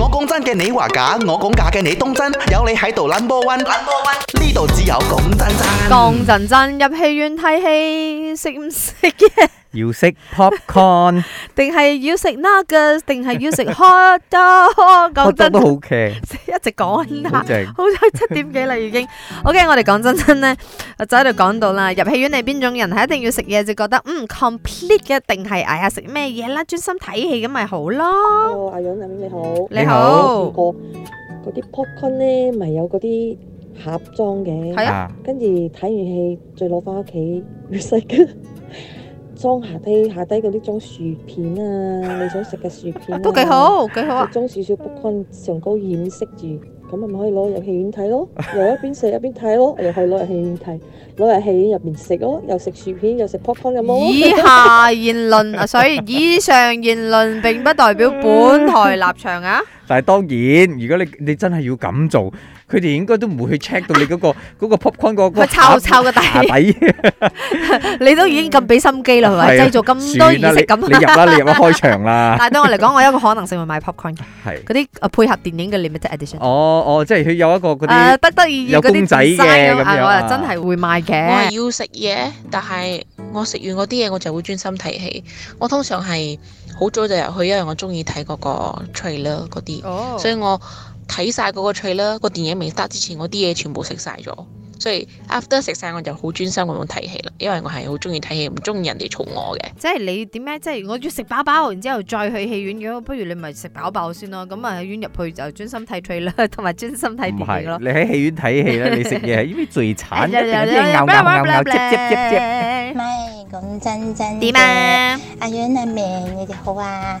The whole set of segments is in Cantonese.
我講真嘅，你話假；我講假嘅，你當真。有你喺度 number one，number one，呢度只有講真真。講真真入戲院睇戲，食唔食嘢？要食 popcorn，定係要食 nuggets，定係要食 hot dog？講真都 OK。直講啦，好彩七點幾啦已經。OK，我哋講真真咧，就喺度講到啦。入戲院你邊種人？係一定要食嘢就覺得嗯 complete 嘅，定係哎呀食咩嘢啦？專心睇戲咁咪好咯。你好，阿楊大兵你好。你好。嗰嗰啲 popcorn 咧，咪有嗰啲盒裝嘅。係啊。跟住睇完戲，再攞翻屋企食嘅。裝下低下低嗰啲裝薯片啊，你想食嘅薯片都幾好，幾好啊！裝少少爆谷上高掩飾住，咁咪可以攞入戲院睇咯，又一邊食一邊睇咯，又可以攞入戲院睇，攞入戲院入面食咯，又食薯片又食爆谷。咁以下言論啊，所以以上言論並不代表本台立場啊。但係當然，如果你你真係要咁做。佢哋應該都唔會去 check 到你嗰個 popcorn 嗰個底，你都已經咁俾心機啦，係咪製造咁多儀式，咁你入啦，你入啦，開場啦！但對我嚟講，我有一個可能性會買 popcorn 嘅，係嗰啲配合電影嘅 limited edition 哦哦，即係佢有一個嗰啲有公仔嘅，真係會買嘅。我係要食嘢，但係我食完嗰啲嘢，我就會專心睇戲。我通常係好早就入去，因為我中意睇嗰個 trailer 嗰啲，所以我。睇晒嗰個脆啦，個電影未得之前嗰啲嘢全部食晒咗，所以 after 食晒我就好專心咁睇戲啦，因為我係好中意睇戲，唔中意人哋嘈我嘅。即係你點解？即係我要食飽飽，然之後再去戲院咁，不如你咪食飽飽先咯。咁啊喺院入去就專心睇脆啦，同埋專心睇唔係你喺戲院睇戲啦，你食嘢因為最慘，天天咬咬咬咬，擠擠擠擠。唔係咁真真。點啊？阿遠阿明，你好啊！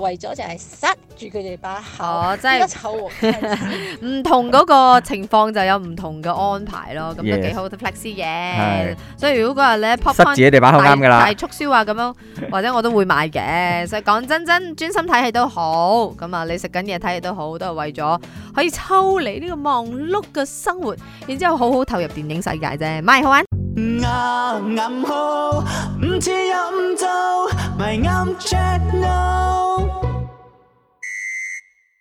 為咗就係塞住佢哋把口，真係唔同嗰個情況就有唔同嘅安排咯，咁都幾好，flexy 嘅。所以如果嗰日咧，塞住嘅地板好啱把口啱噶啦，大促銷啊咁樣，或者我都會買嘅。所以講真真專心睇戲都好，咁啊你食緊嘢睇戲都好，都係為咗可以抽離呢個忙碌嘅生活，然之後好好投入電影世界啫，咪好玩。